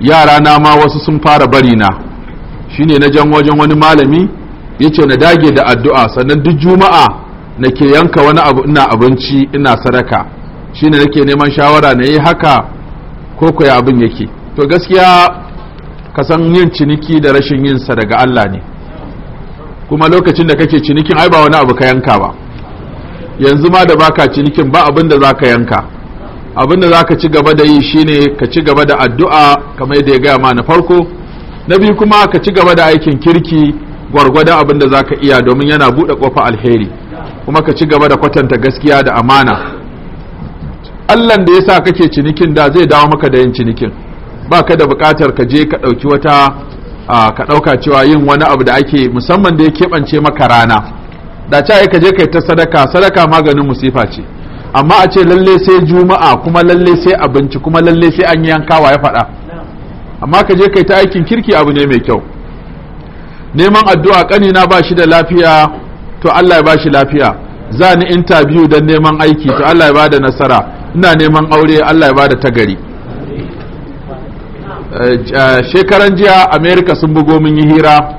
yara na ma wasu sun fara bari na shine na jan wajen wani malami ya ce na dage da addu'a sannan duk juma'a na ke yanka wani abu ina abinci ina sadaka shine nake neman shawara na yi haka ko koya abin yake to gaskiya ka san yin ciniki da rashin yinsa daga Allah ne kuma lokacin da kake cinikin ai ba wani abu ka yanka ba yanzu ma da baka cinikin ba abin da za ka yanka abinda za ka ci gaba da yi shine ka ci gaba da addu'a kamar yadda ya gaya ma na farko na biyu kuma ka ci gaba da aikin kirki gwargwadon abin da za ka iya domin yana buɗe ƙofa alheri kuma ka ci gaba da kwatanta gaskiya da amana allan da ya sa kake cinikin da zai dawo maka da yin cinikin ba ka da buƙatar ka je ka ɗauki wata ka ɗauka cewa yin wani abu da ake musamman da ya keɓance maka rana da cewa ka je ka yi ta sadaka sadaka maganin musifa ce amma a ce lalle sai juma'a kuma lalle sai abinci kuma lalle sai an yi yankawa ya faɗa amma ka je kai ta aikin kirki abu ne mai kyau neman addu'a kanina ba shi da lafiya to Allah ya bashi lafiya zani ni interview don neman aiki to Allah ya ba nasara ina neman aure Allah ya ba da tagari eh, eh, shekaran jiya america sun bugo mun yi hira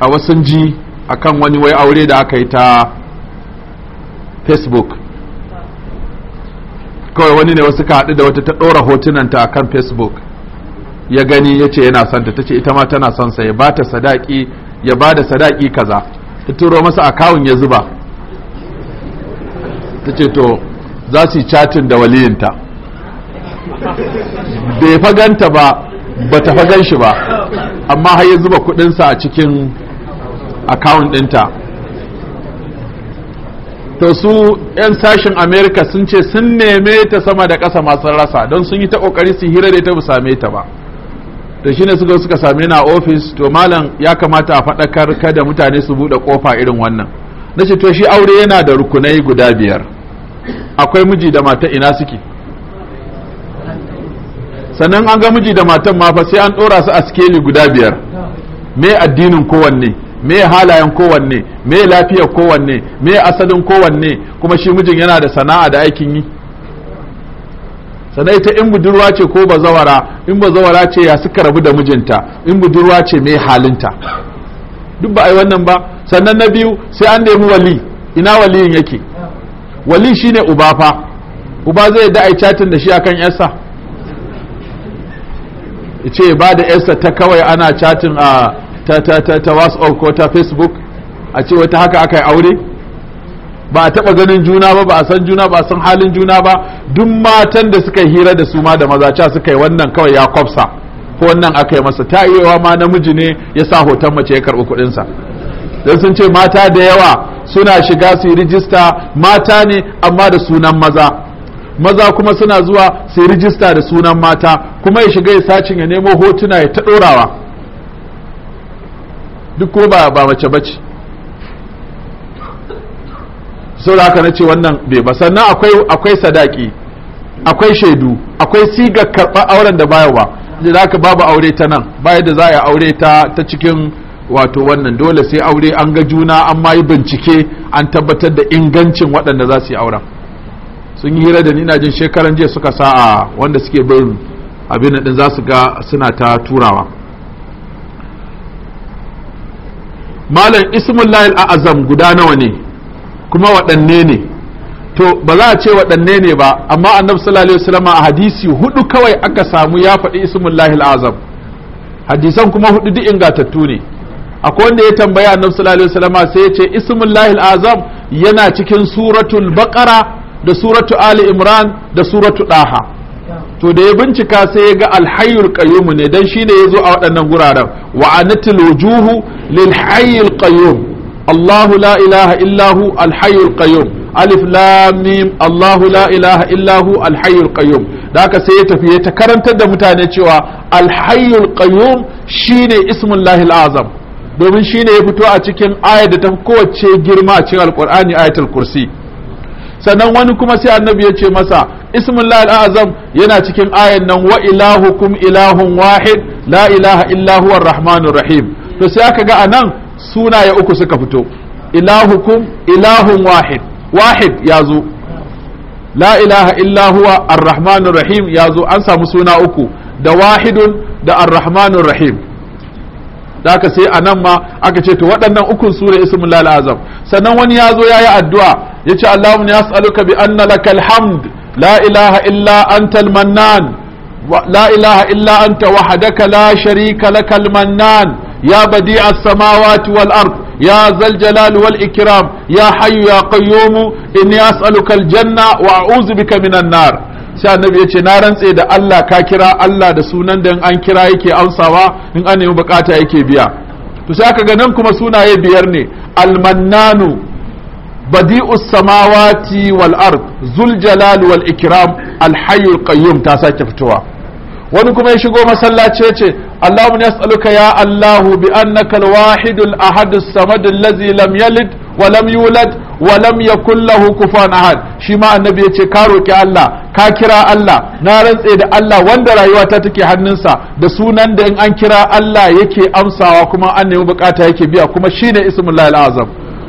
a wasan ji akan wani wai aure da aka yi ta facebook kawai wani ne wasu ka haɗu da wata ta ɗora hotunanta a kan facebook ya gani ya ce yana santa ta ce ita ma tana son sa ya ba ta sadaki ya ba da sadaki kaza ta turo masa akawun ya zuba ta ce to za su yi chatin da waliyinta bai faganta ba ba ta fagan shi ba amma har ya zuba kudinsa a cikin akawun ɗinta to su 'yan sashen america sun ce sun neme ta sama da ƙasa masu rasa don sun yi ta ƙoƙari su hira da ta bu same ta ba to shine suka suka same na ofis to malam ya kamata a faɗakar kada mutane su buɗe ƙofa irin wannan na ce to shi aure yana da rukunai guda biyar akwai miji da mata ina suke sannan an ga miji da matan ma fa sai an ɗora su a skeli guda biyar me addinin kowanne me halayen kowanne me lafiyar kowanne me asalin kowanne kuma shi mijin yana da sana'a da aikin yi sannan ita in budurwa ce ko bazawara in bazawara ce ya suka rabu da mijinta in budurwa ce me halinta duk ba a yi wannan ba sannan na biyu sai an nemi wali ina waliyin yake wali shine uba fa uba zai da ai chatin da shi akan yarsa ce ba da yarsa ta kawai ana chatin a ta ta ta ta whatsapp ko ta facebook a ce wata haka aka yi aure ba a taba ganin juna ba ba a san juna ba a san halin juna ba duk matan da suka hira da su ma da maza suka yi wannan kawai ya kwafsa ko wannan aka yi masa ta iyawa ma namiji ne ya sa hoton mace ya karɓi kuɗinsa don sun ce mata da yawa suna shiga su yi rijista mata ne amma da sunan maza maza kuma suna zuwa su yi rijista da sunan mata kuma ya shiga ya sacin ya nemo hotuna ya ta ɗorawa duk ko ba ba mace bace saboda haka na ce wannan bai ba sannan akwai akwai sadaki akwai shaidu akwai sigar karɓar auren da bayo ba da za ka babu aure ta nan bayan da za a yi aure ta ta cikin wato wannan dole sai aure an ga juna an ma yi bincike an tabbatar da ingancin waɗanda za su yi auren sun yi hira da ni jin shekaran jiya suka sa a wanda suke bin abin din za su ga suna ta turawa malam ismullahi al'azam guda nawa ne kuma waɗanne ne to ba za a ce waɗanne ne ba amma annabi sallallahu alaihi wasallam a hadisi hudu kawai aka samu ya faɗi ismullahi al'azam hadisan kuma hudu duk ingatattu ne akwai wanda ya tambaya annabi sallallahu alaihi wasallam sai ya ce ismullahi al'azam yana cikin suratul baqara da suratu ali imran da suratu daha to da ya bincika sai ya ga alhayyul qayyum ne dan shine zo a waɗannan guraren wa anatil wujuhu للحي القيوم الله لا إله إلا هو الحي القيوم alif lam Allahu la ilaha illa hu al-hayyul da haka sai ya tafi ya ta karantar da mutane cewa al-hayyul shine ismul lahil azam domin shine ya fito a cikin ayar da ta kowace girma a cikin alqur'ani ayatul kursi sannan wani kuma sai annabi ya ce masa ismul lahil azam yana cikin ayan nan wa ilahukum ilahun wahid la ilaha illa to sai aka ga anan sunaye uku suka fito ilahukum ilahun wahid wahid ya zo la ilaha illa huwa arrahmanur rahim ya zo an samu suna uku da wahidun da arrahmanur rahim da aka sai anan ma aka ce to waɗannan ukun sura ismul azam sannan wani ya zo yi addu'a yace Allahumma ni as'aluka bi anna lakal hamd la ilaha illa antal mannan la ilaha illa anta wahadaka, la sharika lakal mannan ya badi'a as-samawati wal ya zal jalal wal ikram ya hayyu ya qayyum inni as'aluka al-janna wa a'udhu bika minan nar sai annabi ya ce na rantse da Allah ka kira Allah da sunan da in an kira yake amsawa in an nemi bukata yake biya to sai aka ga nan kuma sunaye biyar ne almannanu badi'u samawati wal ard zul jalal wal ikram al hayyul qayyum ta sake fitowa wani kuma ya shigo masallaci ya ce Allahu ya as'aluka ya Allahu bi annaka al-wahidul ahad as-samad allazi lam yalid wa lam yulad wa lam yakul lahu kufuwan ahad shi ma annabi yace ka roki Allah ka kira Allah na rantse da Allah wanda rayuwa ta take hannunsa da sunan da in an kira Allah yake amsawa kuma an nemi bukata yake biya kuma shine ne al-azam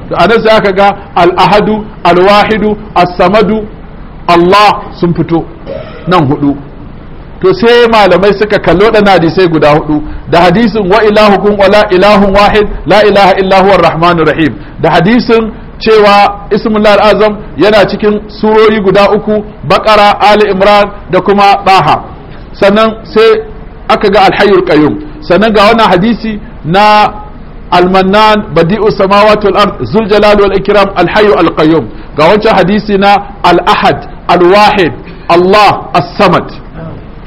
to anan sai aka ga al-ahadu al-wahidu as-samadu Allah sun fito nan hudu to sai malamai suka kallo waɗannan hadisai guda hudu da hadisin wa ilahukum wala ilahun wahid la ilaha illa huwa rahmanur rahim da hadisin cewa ismullah azam yana cikin surori guda uku bakara ali imran da kuma baha sannan sai aka ga alhayyul qayyum sannan ga wannan hadisi na almannan badi'u samawati wal ard zul jalal ikram alhayyu alqayyum ga wancan hadisi na al ahad al wahid allah as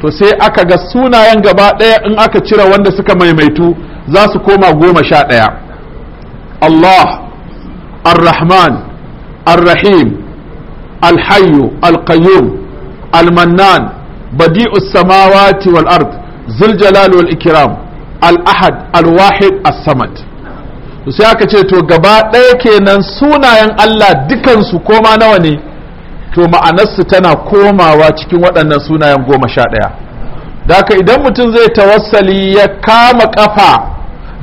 to sai aka ga sunayen gaba ɗaya in aka cire wanda suka maimaitu za su koma goma sha ɗaya Allah Ar-Rahman Ar-Rahim Al-Hayyu Al-Qayyum Al-Mannan Badi'us samawati wal ard Zul jalal wal ikram Al-Ahad Al-Wahid As-Samad sai aka ce to gaba ɗaya kenan sunayen Allah dukansu koma nawa ne to ma'anarsu tana komawa cikin waɗannan sunayen goma sha ɗaya daka idan mutum zai tawassali ya kama ƙafa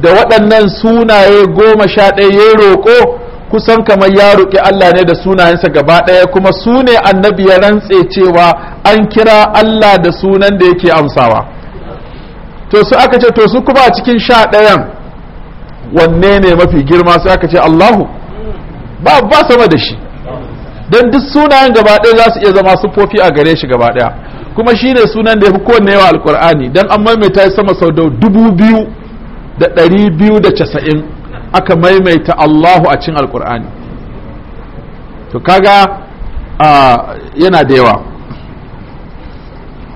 da waɗannan sunaye goma sha ɗaya ya roƙo kusan kamar ya roƙi Allah ne da sunayensa gaba ɗaya kuma su ne annabi ya rantse cewa an kira Allah da sunan da yake amsawa to su aka ce to su kuma cikin sha ɗayan wanne ne mafi girma su aka ce Allahu ba ba sama da shi don duk sunayen gaba ɗaya za su iya zama siffofi a gare shi gaba ɗaya kuma ne sunan da ya fi kowanne yawa alkur'ani don an maimaita sama sau da dubu biyu da ɗari biyu da casa'in aka maimaita allahu a cin alkur'ani to kaga yana da yawa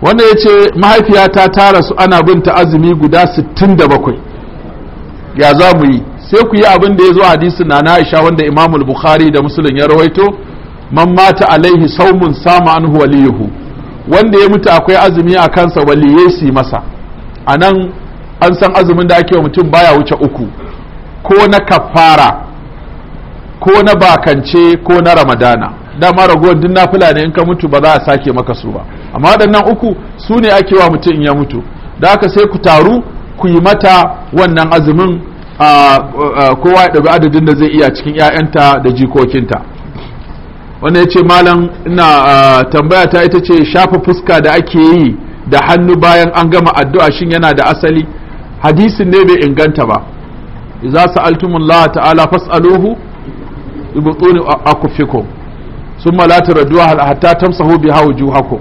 wanda ya ce mahaifiyata ta rasu ana binta azumi guda sittin da bakwai ya za mu yi sai ku yi abin da ya zo hadisi na na aisha wanda imamul bukhari da musulun ya rawaito man mata alaihi saumun sama anhu waliyuhu wanda ya mutu akwai azumi a kansa waliye su masa a nan an san azumin da ake wa mutum baya wuce uku ko na kafara ko na bakance ko na ramadana dama ragowar duk nafila ne in ka mutu ba za a sake maka su ba amma waɗannan uku su ne ake wa mutum ya mutu da haka sai ku taru ku yi mata wannan azumin kowa ya ɗabi adadin da zai iya cikin 'ya'yanta da jikokinta wanda ya ce malam ina ah, tambaya ta ita ce shafa fuska da ake yi da hannu bayan an gama addu'a shin yana da asali hadisin ne bai inganta ba za idza la'a ta'ala fas'aluhu bi butuni akufikum thumma la hatta tamsahu biha wujuhakum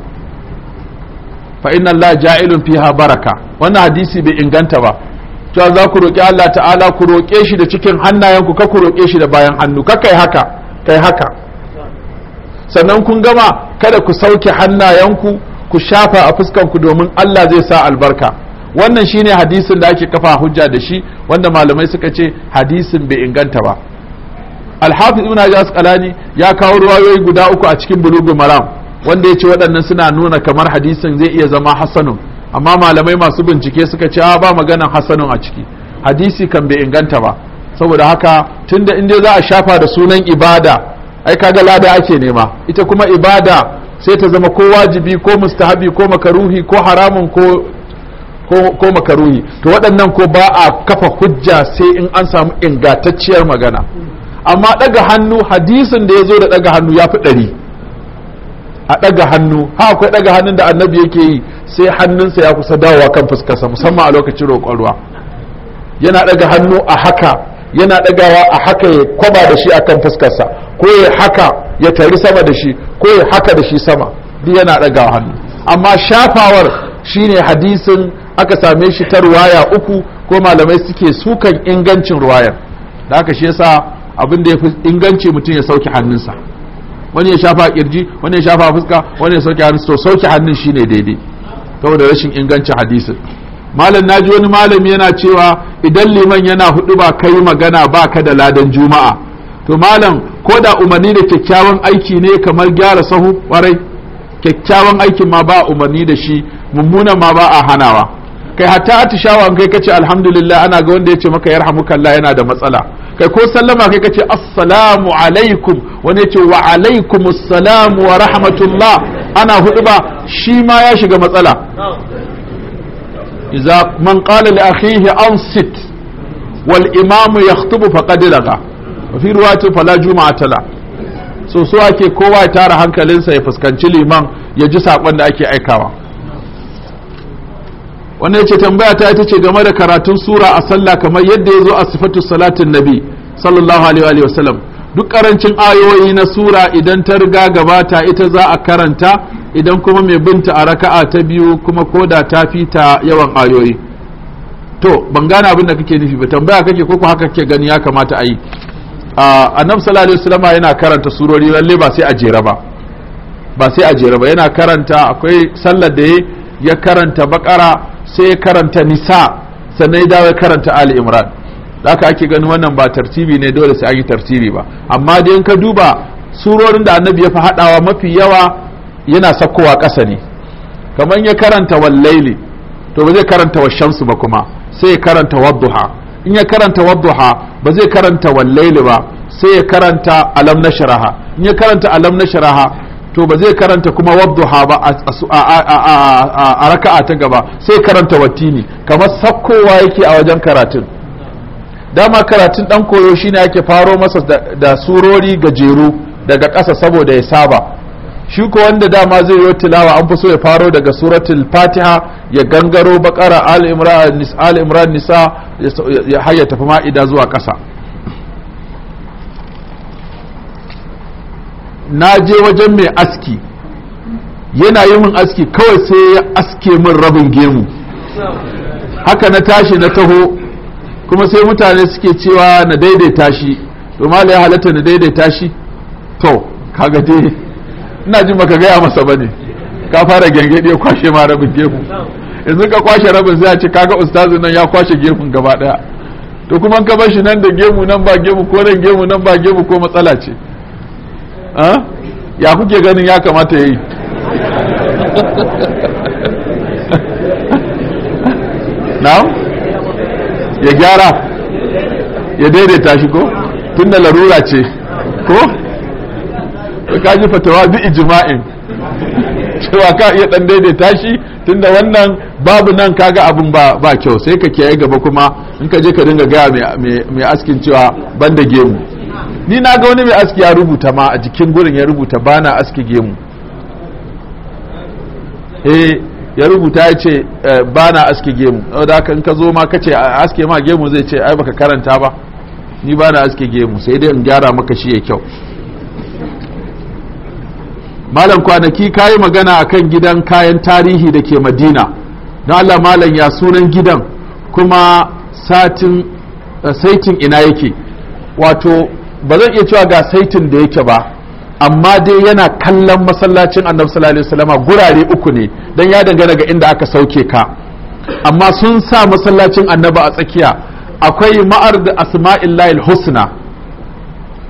fa inna Allah ja'ilun fiha baraka wannan hadisi bai inganta ba cewa za ku roƙi Allah ta'ala ku roƙe shi da cikin hannayenku ka ku roƙe shi da bayan hannu ka kai kai haka sannan kun gama kada ku sauke hannayenku ku shafa a fuskanku domin Allah zai sa albarka wannan shine hadisin da ake kafa hujja da shi wanda malamai suka ce hadisin bai inganta ba alhafiz ibn hajar asqalani ya kawo ruwayoyi guda uku a cikin bulugul maram wanda ya ce waɗannan suna nuna kamar hadisin zai iya zama hasanun amma malamai masu bincike suka ce ba maganan hasanun a ciki hadisi kan bai inganta ba saboda haka tunda in dai za a shafa da sunan ibada ai kaga lada ake nema ita kuma ibada sai ta zama ko wajibi ko mustahabi ko makaruhi ko haramun ko ko makaruhi to waɗannan ko ba a kafa hujja sai in an samu ingantacciyar magana amma ɗaga hannu hadisin da ya zo da ɗaga hannu ya fi ɗari a ɗaga hannu ha akwai ɗaga hannun da annabi yake yi sai hannunsa ya kusa dawowa kan fuskarsa musamman a lokacin roƙon ruwa yana ɗaga hannu a haka yana ɗagawa a haka ya kwaba da shi akan fuskarsa ko ya haka ya tari sama da shi ko ya haka da shi sama duk yana ɗagawa hannu amma shafawar shine hadisin aka same shi ta ruwaya uku ko malamai suke sukan ingancin ruwayar da aka shi yasa abin da ya fi inganci mutum ya sauke hannunsa wani ya shafa kirji wani ya shafa fuska wani ya sauke hannunsa to sauke hannun shine daidai saboda rashin ingancin hadisin malam naji wani malami yana cewa idan liman yana hudu ba kai magana ba ka da ladan juma'a to malam ko da umarni da kyakkyawan aiki ne kamar gyara sahu kwarai kyakkyawan aikin ma ba umarni da shi mummunan ma ba a hanawa kai hatta atishawa kai kace alhamdulillah ana ga wanda yace maka yarhamukallah yana da matsala kai ko sallama kai kace assalamu alaikum wani yace wa alaikumus salam wa rahmatullah ana hudu ba shi ma ya shiga matsala idza man qala li akhihi ansit wal imamu yakhutubu faqad laga fi riwayati fala juma'a tala so ake kowa ya tara hankalinsa ya fuskanci liman ya ji saƙon da ake aikawa wannan ce tambaya ta ita ce game da karatun sura a sallah kamar yadda ya zo a sifatu salatin nabi sallallahu alaihi wa sallam duk karancin ayoyi na sura idan ta riga gabata ita za a karanta idan kuma mai binta a raka'a ta biyu kuma ko koda ta fita yawan ayoyi to ban gane abin da kake nufi ba tambaya kake ko ku haka kake gani ya kamata a yi annabi sallallahu alaihi wasallam yana karanta surori lalle ba sai a jera ba ba sai a jera ba yana karanta akwai sallar da ya karanta bakara sai ya karanta nisa sannan ya dawo ya karanta ali imran haka ake gani wannan ba tartibi ne dole sai an yi tartibi ba amma dai in ka duba surorin da annabi ya fi hadawa mafi yawa yana sakkowa ƙasa ne kamar ya karanta laili to ba zai karanta wa shamsu ba kuma sai ya karanta duha in ya karanta duha ba zai karanta laili ba sai ya karanta alam na sharaha in ya karanta alam na sharaha to ba zai karanta kuma duha ba a raka'a ta gaba sai karanta watini kamar sakkowa yake a wajen karatun dama karatun dan koyo shine ake faro masa da surori gajeru daga ƙasa saboda ya saba shi ko wanda dama zai yi tilawa an fi so ya faro daga suratul fatiha ya gangaro bakara al imran nisa ya har ya tafi ma'ida zuwa ƙasa na je wajen mai aski yana yi min aski kawai sai ya aske min rabin gemu haka na tashi na taho kuma sai mutane suke cewa na daidaita shi to ya halatta na daidaita shi to kaga dai ina jin maka gaya masa ba ne ka fara gyange ya kwashe ma rabin gefu yanzu ka kwashe rabin sai a ce kaga ustazin nan ya kwashe gefun gaba daya to kuma ka bar shi nan da gemu nan ba gemu ko nan gemu nan ba gemu ko matsala ce ya kuke ganin ya kamata ya yi na'am ya gyara ya daidaita shi ko tun larura ce ko ka ji fatawa bi ijma'in cewa ka iya dan daidaita shi tunda wannan babu nan kaga abun ba ba kyau sai ka kiyaye gaba kuma in ka je ka dinga gaya mai askin cewa banda gemu ni na ga wani mai aski ya rubuta ma a jikin gurin ya rubuta bana aski gemu eh ya rubuta ya ce eh, bana aski gemu da haka in ka zo ma ka ce aske ma gemu zai ce ai baka karanta ba ni bana aski gemu sai dai in gyara maka shi ya kyau malam kwanaki ka yi magana kan gidan kayan tarihi da ke madina don allah malam ya sunan gidan kuma satin eh, saitin ina yake wato ba zan iya cewa ga saitin da yake ba amma dai yana kallon masallacin annabi sallallahu alaihi wasallam gurare uku ne dan ya dangana ga inda aka sauke ka amma sun sa masallacin annabi a tsakiya akwai ma'ar da asma'illahil husna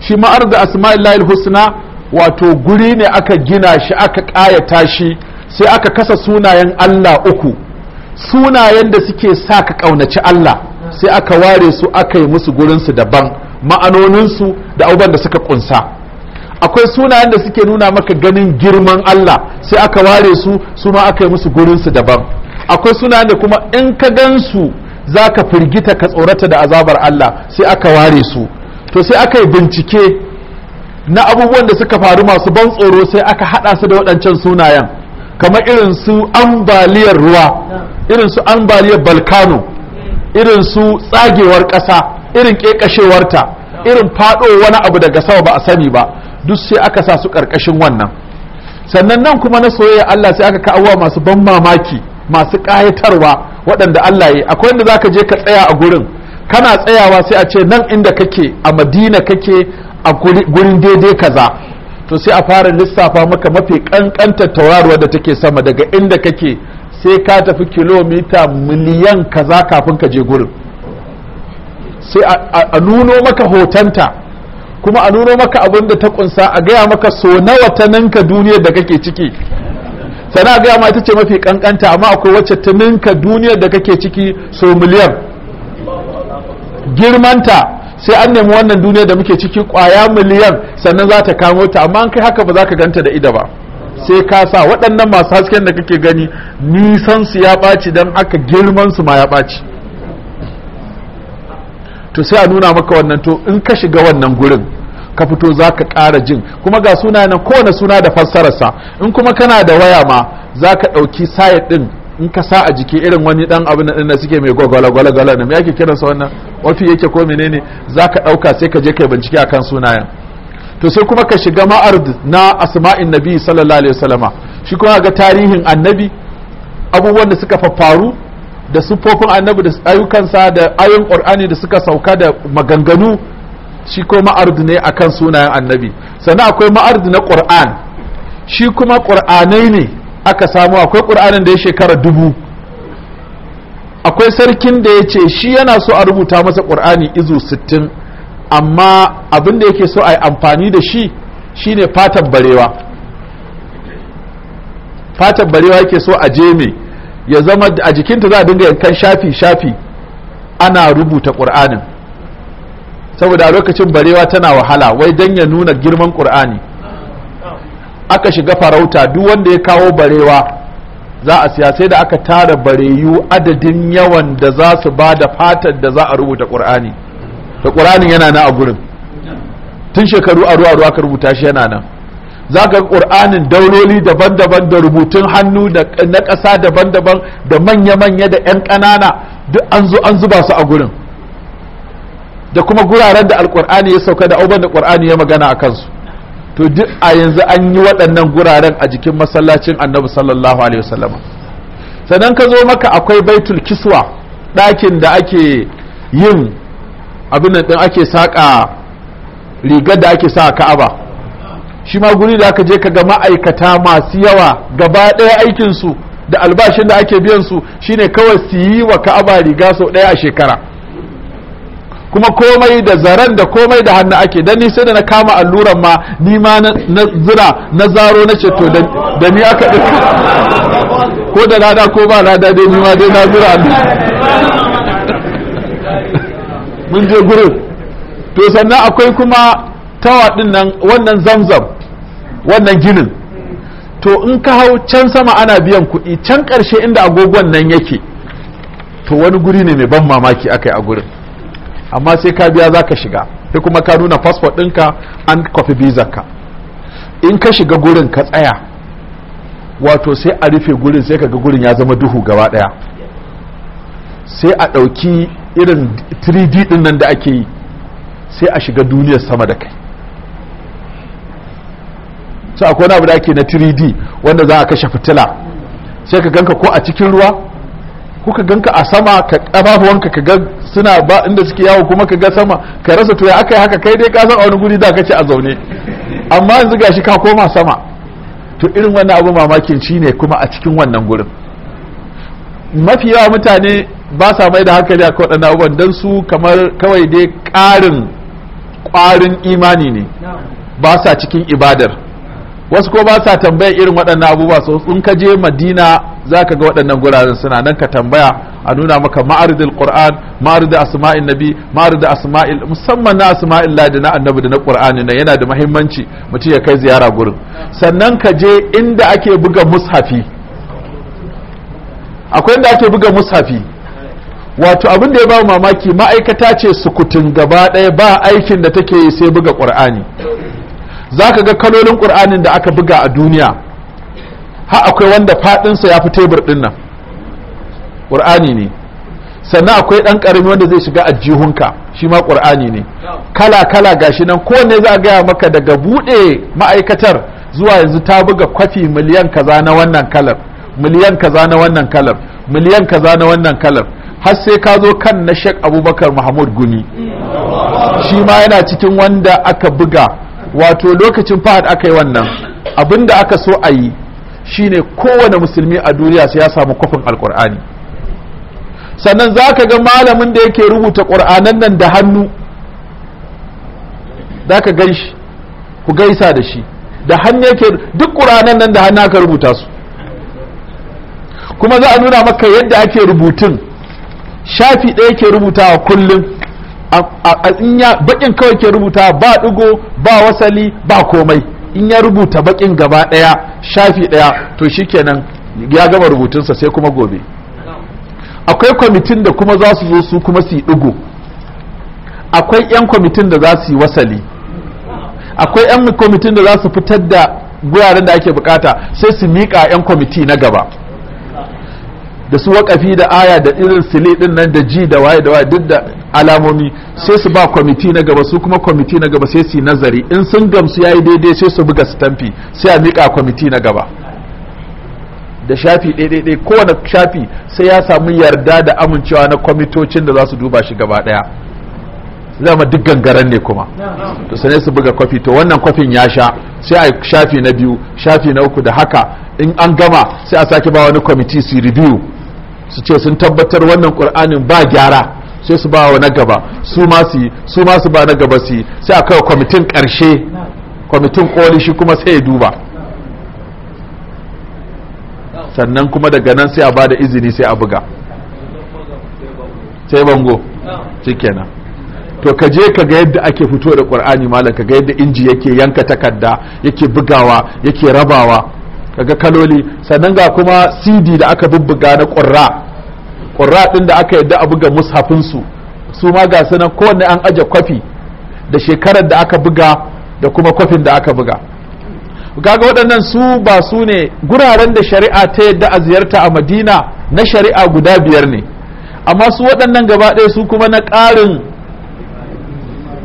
shi ma'ar da asma'illahil husna wato guri ne aka gina shi aka ƙayata shi sai aka kasa sunayen Allah uku sunayen da suke sa ka ƙaunaci Allah sai aka ware su aka yi musu gurinsu daban ma'anoninsu da abubuwan da suka kunsa akwai sunayen da suke nuna maka ganin girman Allah sai aka ware su su ma aka yi musu gurinsu daban akwai sunayen da kuma in ka gansu za ka firgita ka tsorata da azabar Allah sai aka ware su to sai aka yi bincike na abubuwan da suka faru masu ban tsoro sai aka hada su da waɗancan sunayen kamar irin su ambaliyar ruwa irin su ambaliyar balkano irin su tsagewar ƙasa irin ƙeƙashewarta irin faɗo wani abu daga sama ba a sani ba duk sai aka sa su ƙarƙashin wannan sannan nan kuma na soyayya Allah sai aka kawo masu ban mamaki masu ƙayatarwa waɗanda Allah ya akwai za ka je ka tsaya a gurin kana tsayawa sai a ce nan inda kake a madina kake a gurin daidai kaza to sai a fara lissafa maka mafi kankantar tauraruwa da take sama daga inda kake sai ka tafi kilomita miliyan kaza kafin ka je gurin sai a nuno maka hotonta kuma a nuno maka abin da ta kunsa a gaya maka so nawa ta ninka duniyar da kake ciki sana a gaya ma ita ce mafi kankanta amma akwai wacce ta ninka duniyar da kake ciki so miliyan girmanta sai an nemi wannan duniya da muke ciki kwaya miliyan sannan za ta kamo ta amma an kai haka ba za ka ganta da ida ba sai ka sa waɗannan masu hasken da kake gani nisan su ya ɓaci don aka girman su ma ya ɓaci to sai a nuna maka wannan to in ka shiga wannan gurin ka fito za ka ƙara jin kuma ga suna nan kowane suna da fassararsa in kuma kana da waya ma za ka ɗauki sayid ɗin in ka sa a jiki irin wani dan abin nan da suke mai gwagwala gwala na me ake sa wannan wafi yake ko menene zaka dauka sai ka je kai bincike akan sunayen to sai kuma ka shiga ma'ard na asma'in nabi sallallahu alaihi wasallama shi kuma ga tarihin annabi abubuwan da suka faffaru da siffofin annabi da ayyukansa da ayoyin qur'ani da suka sauka da maganganu shi ko ma'ard ne akan sunayen annabi sannan akwai ma'ard na qur'an shi kuma qur'anai ne aka samu akwai ƙur'anin da ya shekara dubu akwai sarkin da ya ce shi yana so a rubuta masa ƙur'ani izu sittin amma abin da yake so a yi amfani da shi shine fatan barewa fatan barewa yake so a je jeme ya zama a jikinta za a dinga yankan shafi-shafi ana rubuta ƙur'anin saboda lokacin barewa tana wahala wai don ya nuna girman ƙur'ani aka shiga farauta duk wanda ya kawo barewa za a siya sai da aka tara bareyu adadin yawan da za su ba da fatar da za a rubuta ƙur'ani da ƙur'anin yana nan a gurin tun shekaru a ruwa aka rubuta shi yana nan za ka ƙur'anin dauloli daban-daban da rubutun hannu na ƙasa daban-daban da manya-manya da 'yan ƙanana duk an zo an zuba su a gurin da kuma guraren da alƙur'ani ya sauka da auban da ƙur'ani ya magana a kansu to duk a yanzu an yi waɗannan guraren a jikin masallacin annabi sallallahu alaihi wasallam sannan ka zo maka akwai baitul kiswa ɗakin da ake yin abin ɗin ake saƙa rigar da ake sa ka'aba shi ma guri da aka je ka ga ma'aikata masu yawa gaba ɗaya aikinsu da albashin da ake biyan su shine kawai su yi wa ka'aba riga sau ɗaya a shekara kuma komai da zaren da komai da hannu ake dan ni sai da na kama alluran ma ni ma na zira na zaro na ce to da ni aka ɗauka ko da lada ko ba lada dai ni ma dai na zira mun je gurin to sannan akwai kuma tawa din nan wannan zamzam wannan ginin to in ka hau can sama ana biyan kuɗi can ƙarshe inda agogon nan yake to wani guri ne mai ban mamaki aka yi a gurin amma sai ka biya za ka shiga sai kuma ka nuna fasfot ɗinka an kwafi bizarka in ka shiga gurin ka tsaya wato sai a rufe gurin sai ka ga gurin ya zama duhu gaba ɗaya sai a ɗauki irin 3d ɗin nan da ake yi sai a shiga duniyar sama da kai sai akwai wani abu da ake na 3d wanda za a kashe fitila sai ka ganka ko a cikin ruwa kuka ganka a sama ka kafafuwanka ka ga suna ba inda suke yawo kuma ka ga sama ka rasa to aka yi haka kai dai ka san a wani guri da kace a zaune amma yanzu gashi ka koma sama to irin wannan abu mamakin shi ne kuma a cikin wannan gurin mafi yawa mutane ba sa mai da hankali a waɗannan abubuwan don su kamar kawai dai ƙarin ƙwarin imani ne ba sa cikin ibadar wasu ko ba sa tambaya irin waɗannan abubuwa so in ka je madina za ka ga waɗannan guraren suna nan ka tambaya a nuna maka ma'aridul qur'an ma'aridul asma'in nabi ma'aridul asma'il musamman na asma'il da na annabi da na qur'ani na yana da muhimmanci mutum ya kai ziyara gurin sannan ka je inda ake buga mushafi akwai inda ake buga mushafi wato abin da ya ba mamaki ma'aikata ce sukutun gaba ɗaya ba aikin da take yi sai buga qur'ani za ka ga kalolin ƙur'anin da aka buga a duniya ha akwai wanda faɗinsa ya fi tebur ɗin nan ne sannan akwai ɗan ƙarami wanda zai shiga ajihunka shi ma ƙur'ani ne kala kala gashi nan ko ne za a gaya maka daga buɗe ma'aikatar zuwa yanzu ta buga kwafi miliyan kaza na wannan kalar miliyan kaza na wannan kalar miliyan kaza na wannan kalar har sai ka zo kan na shek Abubakar Mahmud Guni shi ma yana cikin wanda aka buga wato lokacin fahad aka yi wannan abin da aka so a yi shine kowane musulmi a duniya sai ya samu kwafin alkur'ani sannan za ka ga malamin da yake rubuta ƙur'anan nan da hannu za ka gan ku gaisa da shi da hannu yake duk ƙur'anan nan da hannu aka rubuta su kuma za a nuna maka yadda ake rubutun shafi ɗaya ke rubutawa kullum in ya bakin kawai ke rubuta ba digo ba wasali ba komai in ya rubuta bakin gaba daya shafi daya to shikenan ya gama rubutunsa sai kuma gobe akwai kwamitin da kuma za su zo su kuma su yi digo akwai 'yan kwamitin da za su yi wasali akwai 'yan kwamitin da za su fitar da guraren da ake bukata sai su miƙa 'yan kwamiti na gaba da su wakafi da aya da irin sile din nan da ji da waye da waye duk da alamomi sai su ba kwamiti na gaba su kuma kwamiti na gaba sai su nazari in sun gamsu yayi daidai sai su buga stampi sai a mika kwamiti na gaba da shafi ɗaiɗaiɗai kowane shafi sai ya samu yarda da amincewa na kwamitocin da za su duba shi gaba ɗaya zama duk gangaren ne kuma to sai su buga kwafi to wannan kwafin ya sha sai a shafi na biyu shafi na uku da haka in an gama sai a sake ba wani kwamiti su review su ce sun tabbatar wannan qur'anin ba gyara sai su ba wa na gaba su ma su su ma su ba na gaba su sai a kawo kwamitin ƙarshe kwamitin koli shi kuma sai ya duba sannan kuma daga nan sai a ba da izini sai a buga sai bango shikenan to ka je ka ga yadda ake fito da qur'ani malam ka ga yadda inji yake yanka takarda yake bugawa yake rabawa kaga kaloli sannan ga kuma cd da aka bubbuga na ƙurra ƙurra ɗin da aka yadda a buga mushafinsu su ma ga sunan kowanne an aje kwafi da shekarar da aka buga da kuma kwafin da aka buga kaga waɗannan su ba su ne guraren da shari'a ta yadda a ziyarta a madina na shari'a guda biyar ne amma su waɗannan gaba ɗaya su kuma na ƙarin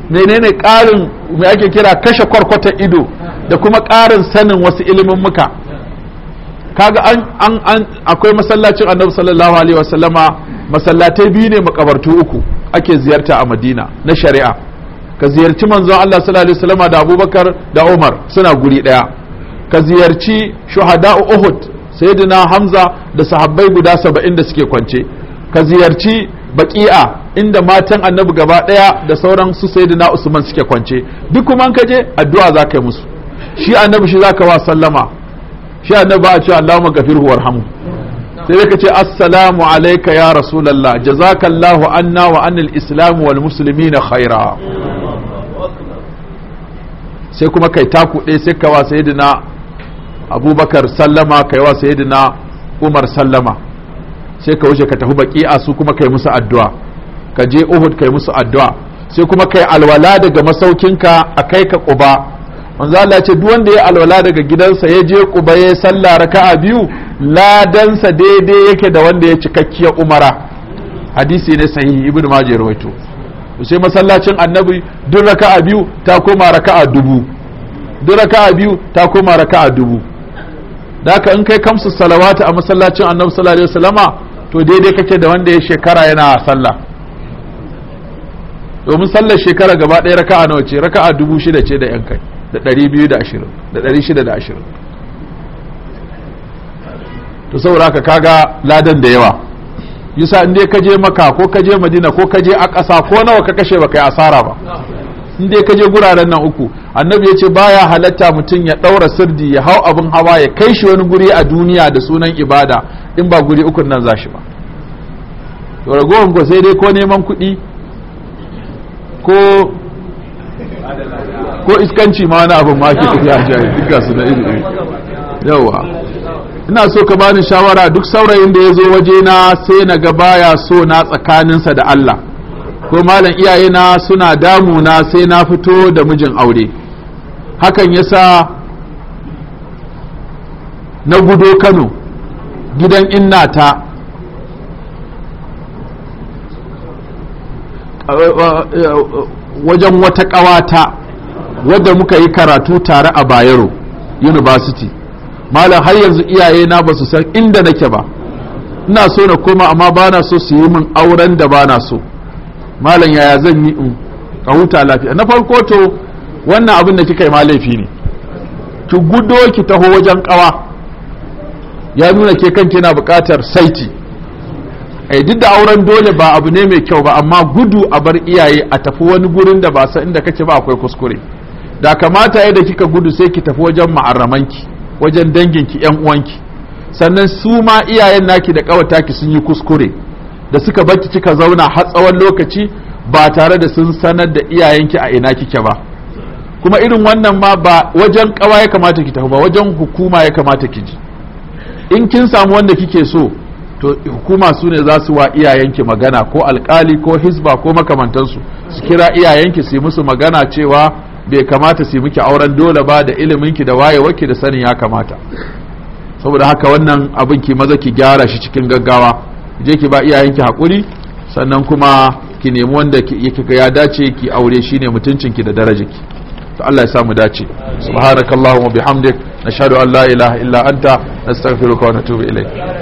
menene ƙarin me ake kira kashe kwarkwata ido da kuma ƙarin sanin wasu ilimin muka kaga an an an akwai masallacin annabi sallallahu alaihi wasallama masallatai biyu ne makabartu uku ake ziyarta a madina na shari'a ka ziyarci manzon Allah sallallahu alaihi wasallama da Abubakar da Umar suna guri daya ka ziyarci shuhada Uhud sayyidina Hamza da sahabbai guda saba'in da suke kwance ka ziyarci baki'a inda matan annabi gaba daya da sauran su sayyidina Usman suke kwance duk kuma an kaje addu'a zaka yi musu shi annabi shi zaka wa sallama shi annabi ba a ma Allahumma ghafirhu warhamhu sai dai ka ce assalamu alaika ya rasulullah jazakallahu anna wa anil islam wal muslimina khaira sai kuma kai taku ɗaya sai ka wa sayyidina abubakar sallama kai wa sayyidina umar sallama sai ka wuce ka tafi baƙi su kuma kai musu addu'a ka je uhud kai musu addu'a sai kuma kai alwala daga masaukinka a kai ka ƙuba manzo Allah ce duk wanda ya alwala daga gidansa ya je Quba ya sallah raka'a biyu ladansa daidai yake da wanda ya cikakkiyar umara hadisi ne sahihi ibnu majah rawaito sai masallacin annabi duk raka'a biyu ta koma raka'a dubu duk raka'a biyu ta koma raka'a dubu da haka in kai kamsu salawata a masallacin annabi sallallahu alaihi wasallama to daidai kake da wanda ya shekara yana sallah domin sallar shekara gaba ɗaya raka'a nawa ce raka'a dubu shida ce da yan kai da 220 da 620 to saboda haka kaga ladan da yawa Yusa inda dai je maka ko ka je madina ko kaje a ƙasa ko nawa ka kashe baka yi asara ba inda dai je guraren nan uku annabi ya ce baya halatta mutum ya ɗaura sirdi ya hau abin hawa ya kai shi wani guri a duniya da sunan ibada in ba guri ukun nan za shi ba ragowar ko sai dai ko neman kuɗi ko ko iskanci ma wani abin ma ke tafiya jihar duka su da iri yawa ina so ka bani shawara duk saurayin da ya zo waje na sai na ga baya so na tsakaninsa da Allah ko malam iyayena suna damu na sai na fito da mijin aure hakan ya sa na gudo Kano gidan inna ta wajen wata ƙawata wadda muka yi karatu tare a bayero university malam har yanzu iyaye na ba su san inda nake ba ina so na koma amma ba na so su yi min auren da ba na so malam yaya zan yi in ka huta lafiya na farko to wannan abin da kika yi ma laifi ne ki gudo ki taho wajen kawa ya nuna ke kanki yana buƙatar saiti ai eh, duk da auren dole ba abu ne mai kyau ba amma gudu a bar iyaye a tafi wani gurin da ba san inda kake ba akwai kuskure da kamata yadda kika gudu sai ki tafi wajen ma'arramanki wajen danginki yan uwanki sannan su ma iyayen naki da kawata ki sun yi kuskure da suka baki kika zauna har tsawon lokaci ba tare da sun sanar da iyayenki a ina kike ba kuma irin wannan ma ba wajen kawa ya kamata ki tafi ba wajen hukuma ya kamata ki ji in kin samu wanda kike so to hukuma su ne za su wa iyayenki magana ko alkali ko hisba ko makamantansu su kira iyayenki su yi musu magana cewa bai kamata su miki auren dole ba da iliminki da wayewarki da sanin ya kamata saboda haka wannan abin ki maza ki gyara shi cikin gaggawa je ki ba iyayenki hakuri sannan kuma ki nemi wanda yake ga ya dace ki aure shine mutuncinki da darajarki to Allah ya samu dace subhanakallahumma bihamdik nashhadu an la ilaha illa anta nastaghfiruka wa natubu ilayk